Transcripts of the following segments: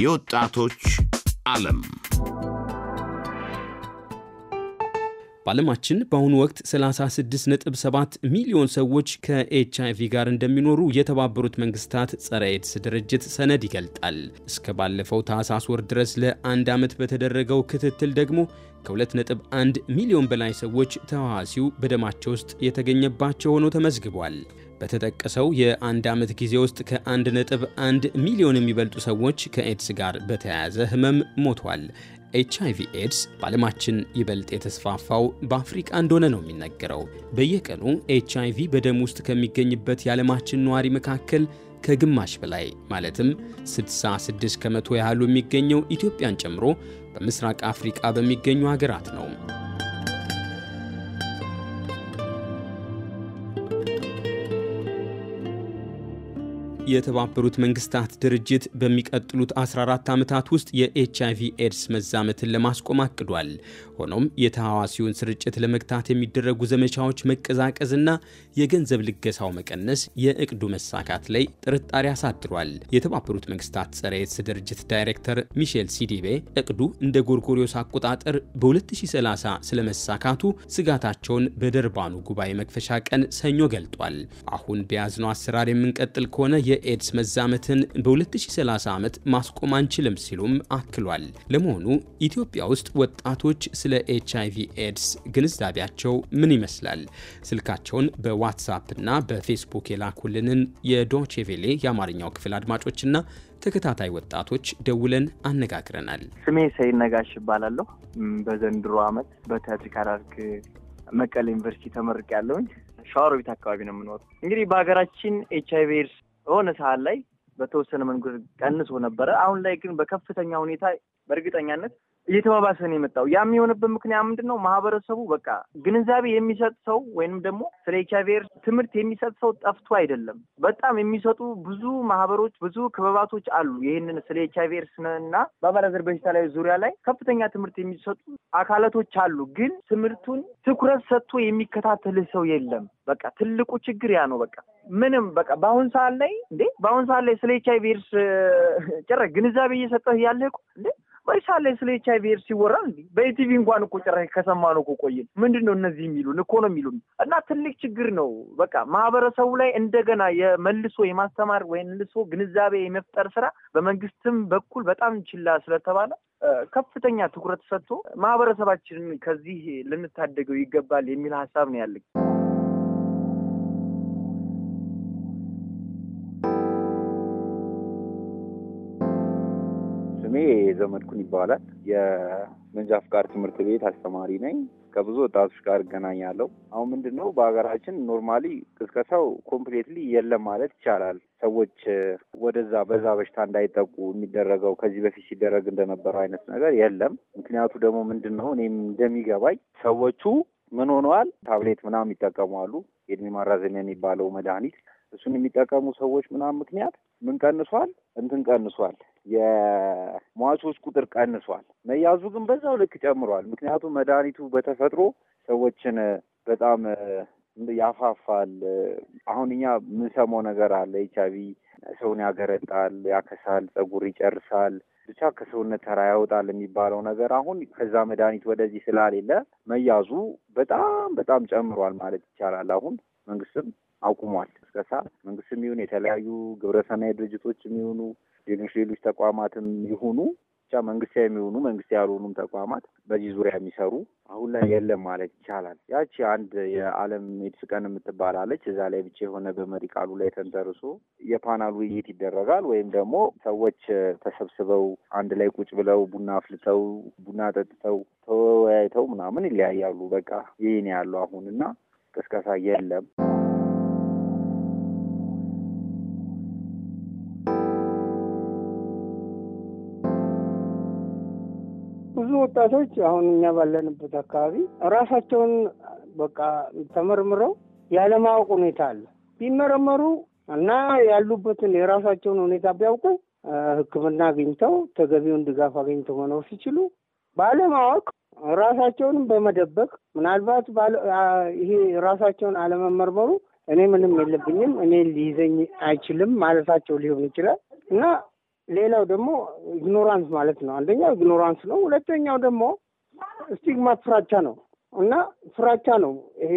የወጣቶች ዓለም በዓለማችን በአሁኑ ወቅት 36.7 ሚሊዮን ሰዎች ከኤች ጋር እንደሚኖሩ የተባበሩት መንግስታት ጸረ ኤድስ ድርጅት ሰነድ ይገልጣል። እስከ ባለፈው ታህሳስ ወር ድረስ ለአንድ ዓመት በተደረገው ክትትል ደግሞ ከ2.1 ሚሊዮን በላይ ሰዎች ተዋሲው በደማቸው ውስጥ የተገኘባቸው ሆኖ ተመዝግቧል። በተጠቀሰው የአንድ ዓመት ጊዜ ውስጥ ከ1.1 ሚሊዮን የሚበልጡ ሰዎች ከኤድስ ጋር በተያያዘ ህመም ሞቷል። ኤች አይቪ ኤድስ በዓለማችን ይበልጥ የተስፋፋው በአፍሪቃ እንደሆነ ነው የሚነገረው። በየቀኑ ኤች ቪ በደም ውስጥ ከሚገኝበት የዓለማችን ነዋሪ መካከል ከግማሽ በላይ ማለትም 66 ከመቶ ያህሉ የሚገኘው ኢትዮጵያን ጨምሮ በምስራቅ አፍሪቃ በሚገኙ ሀገራት ነው። የተባበሩት መንግስታት ድርጅት በሚቀጥሉት 14 ዓመታት ውስጥ የኤች አይቪ ኤድስ መዛመትን ለማስቆም አቅዷል። ሆኖም የተሐዋሲውን ስርጭት ለመግታት የሚደረጉ ዘመቻዎች መቀዛቀዝና የገንዘብ ልገሳው መቀነስ የእቅዱ መሳካት ላይ ጥርጣሬ አሳድሯል። የተባበሩት መንግስታት ጸረ ኤድስ ድርጅት ዳይሬክተር ሚሼል ሲዲቤ እቅዱ እንደ ጎርጎሪዮስ አቆጣጠር በ2030 ስለመሳካቱ ስጋታቸውን በደርባኑ ጉባኤ መክፈሻ ቀን ሰኞ ገልጧል። አሁን በያዝነው አሰራር የምንቀጥል ከሆነ የ የኤድስ መዛመትን በ2030 ዓመት ማስቆም አንችልም ሲሉም አክሏል። ለመሆኑ ኢትዮጵያ ውስጥ ወጣቶች ስለ ኤች አይቪ ኤድስ ግንዛቤያቸው ምን ይመስላል? ስልካቸውን በዋትሳፕ እና በፌስቡክ የላኩልንን የዶቼቬሌ የአማርኛው ክፍል አድማጮችና ተከታታይ ወጣቶች ደውለን አነጋግረናል። ስሜ ሰይነጋሽ ይባላለሁ። በዘንድሮ ዓመት በቲያትሪካል አርክ መቀሌ ዩኒቨርሲቲ ተመርቅ ያለውኝ ሸዋሮቢት አካባቢ ነው የምኖሩ። እንግዲህ በሀገራችን ኤች አይቪ ኤድስ የሆነ ሰዓት ላይ በተወሰነ መንገድ ቀንሶ ነበረ። አሁን ላይ ግን በከፍተኛ ሁኔታ በእርግጠኛነት እየተባባሰ ነው የመጣው። ያ የሚሆንበት ምክንያት ምንድን ነው? ማህበረሰቡ በቃ ግንዛቤ የሚሰጥ ሰው ወይንም ደግሞ ስለ ኤች አይ ቪ ኤድስ ትምህርት የሚሰጥ ሰው ጠፍቶ አይደለም። በጣም የሚሰጡ ብዙ ማህበሮች፣ ብዙ ክበባቶች አሉ። ይህንን ስለ ኤች አይ ቪ ኤድስ እና በአባላዘር በሽታ ላይ ዙሪያ ላይ ከፍተኛ ትምህርት የሚሰጡ አካላቶች አሉ። ግን ትምህርቱን ትኩረት ሰጥቶ የሚከታተልህ ሰው የለም። በቃ ትልቁ ችግር ያ ነው። በቃ ምንም በቃ በአሁን ሰዓት ላይ እንዴ በአሁን ሰዓት ላይ ስለ ኤች አይ ቪ ኤድስ ጭራሽ ግንዛቤ እየሰጠህ ያለህ እንዴ መሻ ስለ ኤች አይቪ ኤድስ ሲወራ እንዲ በኢቲቪ እንኳን እኮ ጭራሽ ከሰማን እኮ ቆይን። ምንድን ነው እነዚህ የሚሉን እኮ ነው የሚሉን እና ትልቅ ችግር ነው። በቃ ማህበረሰቡ ላይ እንደገና የመልሶ የማስተማር ወይ መልሶ ግንዛቤ የመፍጠር ስራ በመንግስትም በኩል በጣም ችላ ስለተባለ ከፍተኛ ትኩረት ሰጥቶ ማህበረሰባችንን ከዚህ ልንታደገው ይገባል የሚል ሀሳብ ነው ያለኝ። ስሜ ዘመድኩን ይባላል። የመንጃ ፍቃድ ትምህርት ቤት አስተማሪ ነኝ። ከብዙ ወጣቶች ጋር እገናኛለሁ። አሁን ምንድን ነው በሀገራችን ኖርማሊ ቅስቀሳው ኮምፕሌትሊ የለም ማለት ይቻላል። ሰዎች ወደዛ በዛ በሽታ እንዳይጠቁ የሚደረገው ከዚህ በፊት ሲደረግ እንደነበረው አይነት ነገር የለም። ምክንያቱ ደግሞ ምንድን ነው እኔም እንደሚገባኝ ሰዎቹ ምን ሆነዋል፣ ታብሌት ምናምን ይጠቀሟሉ የእድሜ ማራዘሚያ የሚባለው መድኃኒት እሱን የሚጠቀሙ ሰዎች ምናምን ምክንያት ምን ቀንሷል? እንትን ቀንሷል። የሟቾች ቁጥር ቀንሷል። መያዙ ግን በዛው ልክ ጨምሯል። ምክንያቱም መድኃኒቱ በተፈጥሮ ሰዎችን በጣም ያፋፋል። አሁን እኛ የምንሰማው ነገር አለ። ኤች አይቪ ሰውን ያገረጣል፣ ያከሳል፣ ጸጉር ይጨርሳል፣ ብቻ ከሰውነት ተራ ያወጣል የሚባለው ነገር አሁን ከዛ መድኃኒት ወደዚህ ስላሌለ መያዙ በጣም በጣም ጨምሯል ማለት ይቻላል። አሁን መንግስትም አቁሟል። ቅስቀሳ መንግስት የሚሆን የተለያዩ ግብረሰናይ ድርጅቶች የሚሆኑ ሌሎች ሌሎች ተቋማትም ይሁኑ ብቻ መንግስታዊ የሚሆኑ መንግስት ያልሆኑም ተቋማት በዚህ ዙሪያ የሚሰሩ አሁን ላይ የለም ማለት ይቻላል። ያቺ አንድ የዓለም ኤድስ ቀን የምትባላለች እዛ ላይ ብቻ የሆነ በመሪ ቃሉ ላይ ተንተርሶ የፓናል ውይይት ይደረጋል ወይም ደግሞ ሰዎች ተሰብስበው አንድ ላይ ቁጭ ብለው ቡና አፍልተው ቡና ጠጥተው ተወያይተው ምናምን ይለያያሉ። በቃ ይህን ያለው አሁን እና ቅስቀሳ የለም። ብዙ ወጣቶች አሁን እኛ ባለንበት አካባቢ ራሳቸውን በቃ ተመርምረው ያለማወቅ ሁኔታ አለ። ቢመረመሩ እና ያሉበትን የራሳቸውን ሁኔታ ቢያውቁ ሕክምና አግኝተው ተገቢውን ድጋፍ አግኝተው መኖር ሲችሉ ባለማወቅ ራሳቸውንም በመደበቅ ምናልባት ይሄ ራሳቸውን አለመመርመሩ እኔ ምንም የለብኝም እኔ ሊይዘኝ አይችልም ማለታቸው ሊሆን ይችላል እና ሌላው ደግሞ ኢግኖራንስ ማለት ነው። አንደኛው ኢግኖራንስ ነው። ሁለተኛው ደግሞ ስቲግማ ፍራቻ ነው እና ፍራቻ ነው። ይሄ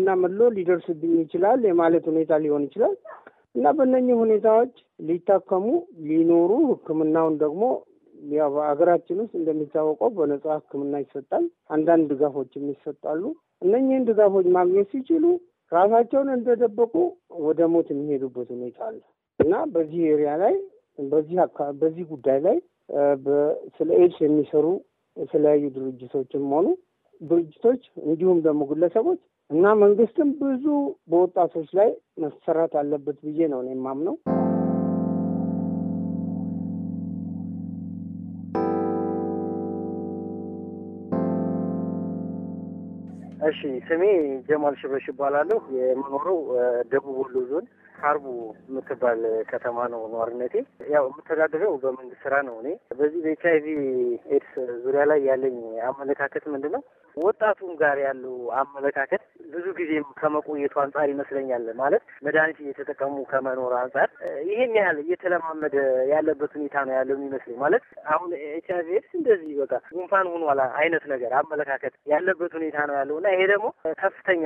እና መሎ ሊደርስብኝ ይችላል የማለት ሁኔታ ሊሆን ይችላል እና በእነኚህ ሁኔታዎች ሊታከሙ ሊኖሩ ሕክምናውን ደግሞ ያው በሀገራችን ውስጥ እንደሚታወቀው በነጻ ሕክምና ይሰጣል። አንዳንድ ድጋፎችም ይሰጣሉ። እነኚህን ድጋፎች ማግኘት ሲችሉ ራሳቸውን እንደደበቁ ወደ ሞት የሚሄዱበት ሁኔታ አለ እና በዚህ ኤሪያ ላይ በዚህ በዚህ ጉዳይ ላይ ስለ ኤድስ የሚሰሩ የተለያዩ ድርጅቶችም ሆኑ ድርጅቶች እንዲሁም ደግሞ ግለሰቦች እና መንግስትም ብዙ በወጣቶች ላይ መሰራት አለበት ብዬ ነው የማምነው። እሺ ስሜ ጀማል ሽበሽ ይባላለሁ። የምኖረው ደቡብ ወሎ ዞን ሀርቡ የምትባል ከተማ ነው ነዋሪነቴ። ያው የምተዳደረው በመንግስት ስራ ነው። እኔ በዚህ በኤች አይቪ ኤድስ ዙሪያ ላይ ያለኝ አመለካከት ምንድን ነው? ወጣቱም ጋር ያለው አመለካከት ብዙ ጊዜም ከመቆየቱ አንጻር ይመስለኛል። ማለት መድኃኒት እየተጠቀሙ ከመኖር አንጻር ይሄን ያህል እየተለማመደ ያለበት ሁኔታ ነው ያለው የሚመስለኝ። ማለት አሁን ኤች አይቪ ኤድስ እንደዚህ በቃ ጉንፋን ሆኗል አይነት ነገር አመለካከት ያለበት ሁኔታ ነው ያለው እና ይሄ ደግሞ ከፍተኛ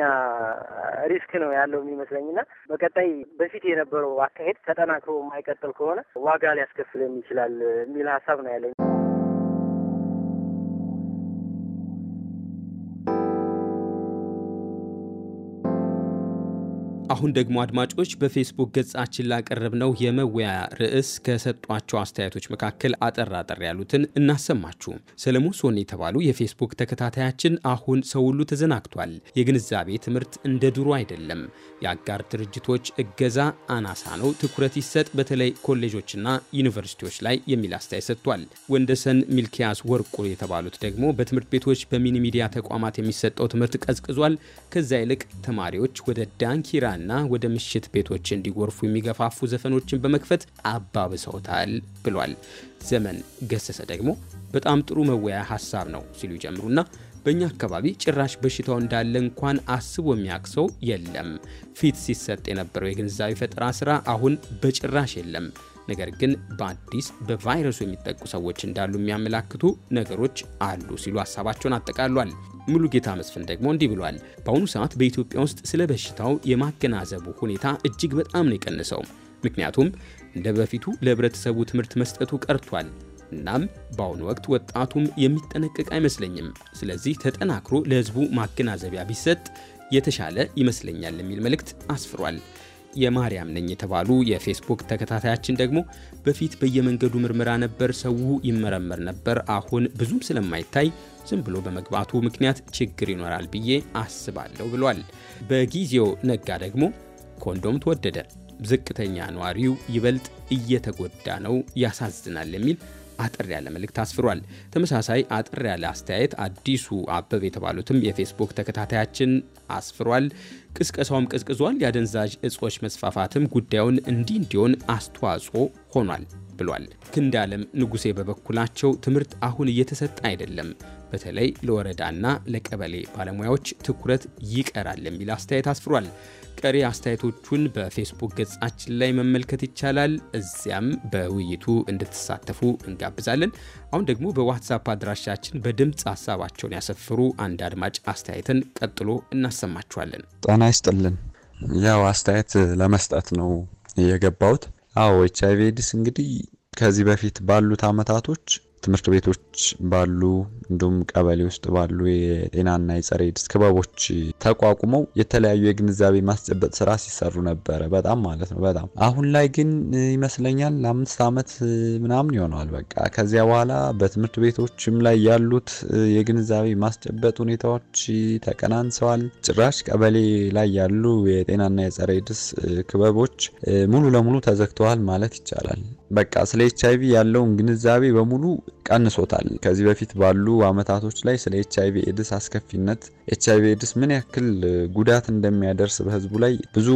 ሪስክ ነው ያለው የሚመስለኝ እና በቀጣይ በፊት የነበረው አካሄድ ተጠናክሮ የማይቀጥል ከሆነ ዋጋ ሊያስከፍለን ይችላል የሚል ሀሳብ ነው ያለኝ። አሁን ደግሞ አድማጮች በፌስቡክ ገጻችን ላቀረብነው የመወያያ ርዕስ ከሰጧቸው አስተያየቶች መካከል አጠር አጠር ያሉትን እናሰማችሁ። ሰለሞን ሶኔ የተባሉ የፌስቡክ ተከታታያችን አሁን ሰው ሁሉ ተዘናግቷል፣ የግንዛቤ ትምህርት እንደ ድሮ አይደለም፣ የአጋር ድርጅቶች እገዛ አናሳ ነው፣ ትኩረት ይሰጥ በተለይ ኮሌጆችና ዩኒቨርሲቲዎች ላይ የሚል አስተያየት ሰጥቷል። ወንደሰን ሚልኪያስ ወርቁ የተባሉት ደግሞ በትምህርት ቤቶች በሚኒ ሚዲያ ተቋማት የሚሰጠው ትምህርት ቀዝቅዟል፣ ከዛ ይልቅ ተማሪዎች ወደ ዳንኪራ ወደሚያጠላና ወደ ምሽት ቤቶች እንዲጎርፉ የሚገፋፉ ዘፈኖችን በመክፈት አባብሰውታል ብሏል። ዘመን ገሰሰ ደግሞ በጣም ጥሩ መወያያ ሀሳብ ነው ሲሉ ይጀምሩና በእኛ አካባቢ ጭራሽ በሽታው እንዳለ እንኳን አስቦ የሚያቅሰው የለም። ፊት ሲሰጥ የነበረው የግንዛቤ ፈጠራ ስራ አሁን በጭራሽ የለም። ነገር ግን በአዲስ በቫይረሱ የሚጠቁ ሰዎች እንዳሉ የሚያመላክቱ ነገሮች አሉ ሲሉ ሀሳባቸውን አጠቃሏል። ሙሉ ጌታ መስፍን ደግሞ እንዲህ ብሏል። በአሁኑ ሰዓት በኢትዮጵያ ውስጥ ስለ በሽታው የማገናዘቡ ሁኔታ እጅግ በጣም ነው የቀንሰው። ምክንያቱም እንደ በፊቱ ለህብረተሰቡ ትምህርት መስጠቱ ቀርቷል። እናም በአሁኑ ወቅት ወጣቱም የሚጠነቀቅ አይመስለኝም። ስለዚህ ተጠናክሮ ለህዝቡ ማገናዘቢያ ቢሰጥ የተሻለ ይመስለኛል የሚል መልእክት አስፍሯል። የማርያም ነኝ የተባሉ የፌስቡክ ተከታታያችን ደግሞ በፊት በየመንገዱ ምርመራ ነበር፣ ሰው ይመረመር ነበር። አሁን ብዙም ስለማይታይ ዝም ብሎ በመግባቱ ምክንያት ችግር ይኖራል ብዬ አስባለሁ ብሏል። በጊዜው ነጋ ደግሞ ኮንዶም ተወደደ፣ ዝቅተኛ ነዋሪው ይበልጥ እየተጎዳ ነው፣ ያሳዝናል የሚል አጠር ያለ መልእክት አስፍሯል። ተመሳሳይ አጠር ያለ አስተያየት አዲሱ አበብ የተባሉትም የፌስቡክ ተከታታያችን አስፍሯል። ቅስቀሳውም ቀዝቅዟል። የአደንዛዥ እጾች መስፋፋትም ጉዳዩን እንዲህ እንዲሆን አስተዋጽኦ ሆኗል ብሏል። ክንዳለም ንጉሴ በበኩላቸው ትምህርት አሁን እየተሰጠ አይደለም፣ በተለይ ለወረዳና ለቀበሌ ባለሙያዎች ትኩረት ይቀራል የሚል አስተያየት አስፍሯል። ቀሪ አስተያየቶቹን በፌስቡክ ገጻችን ላይ መመልከት ይቻላል። እዚያም በውይይቱ እንድትሳተፉ እንጋብዛለን። አሁን ደግሞ በዋትሳፕ አድራሻችን በድምፅ ሀሳባቸውን ያሰፍሩ አንድ አድማጭ አስተያየትን ቀጥሎ እናሰማችኋለን። ጤና ይስጥልን። ያው አስተያየት ለመስጠት ነው የገባሁት። አዎ ኤች አይቪ ኤድስ እንግዲህ ከዚህ በፊት ባሉት አመታቶች ትምህርት ቤቶች ባሉ እንዲሁም ቀበሌ ውስጥ ባሉ የጤናና የጸረ ኤድስ ክበቦች ተቋቁመው የተለያዩ የግንዛቤ ማስጨበጥ ስራ ሲሰሩ ነበረ። በጣም ማለት ነው በጣም አሁን ላይ ግን ይመስለኛል ለአምስት ዓመት ምናምን ይሆነዋል። በቃ ከዚያ በኋላ በትምህርት ቤቶችም ላይ ያሉት የግንዛቤ ማስጨበጥ ሁኔታዎች ተቀናንሰዋል። ጭራሽ ቀበሌ ላይ ያሉ የጤናና የጸረ ኤድስ ክበቦች ሙሉ ለሙሉ ተዘግተዋል ማለት ይቻላል። በቃ ስለ ኤች አይቪ ያለውን ግንዛቤ በሙሉ ቀንሶታል። ከዚህ በፊት ባሉ አመታቶች ላይ ስለ ኤች አይቪ ኤድስ አስከፊነት፣ ኤች አይቪ ኤድስ ምን ያክል ጉዳት እንደሚያደርስ በህዝቡ ላይ ብዙ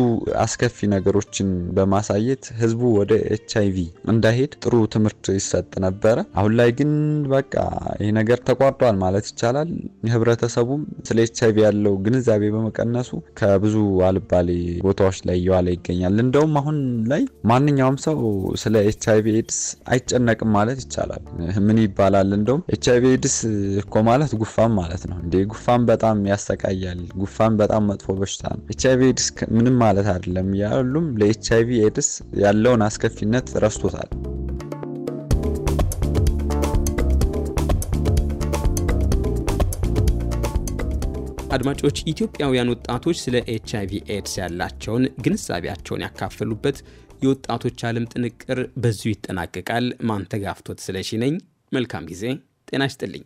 አስከፊ ነገሮችን በማሳየት ህዝቡ ወደ ኤች አይቪ እንዳይሄድ ጥሩ ትምህርት ይሰጥ ነበረ። አሁን ላይ ግን በቃ ይህ ነገር ተቋርጧል ማለት ይቻላል። ህብረተሰቡም ስለ ኤች አይቪ ያለው ግንዛቤ በመቀነሱ ከብዙ አልባሌ ቦታዎች ላይ እየዋለ ይገኛል። እንደውም አሁን ላይ ማንኛውም ሰው ስለ ኤች አይቪ ኤድስ አይጨነቅም ማለት ይቻላል። ምን ይባላል እንደውም ኤች አይቪ ኤድስ እኮ ማለት ጉፋን ማለት ነው እንዴ! ጉፋን በጣም ያሰቃያል። ጉፋን በጣም መጥፎ በሽታ ነው። ኤች አይቪ ኤድስ ምንም ማለት አይደለም ያሉም ለኤች አይቪ ኤድስ ያለውን አስከፊነት ረስቶታል። አድማጮች፣ ኢትዮጵያውያን ወጣቶች ስለ ኤች አይቪ ኤድስ ያላቸውን ግንዛቤያቸውን ያካፈሉበት የወጣቶች ዓለም ጥንቅር በዚሁ ይጠናቀቃል። ማንተጋፍቶት ስለሺ ነኝ። መልካም ጊዜ። ጤና ይስጥልኝ።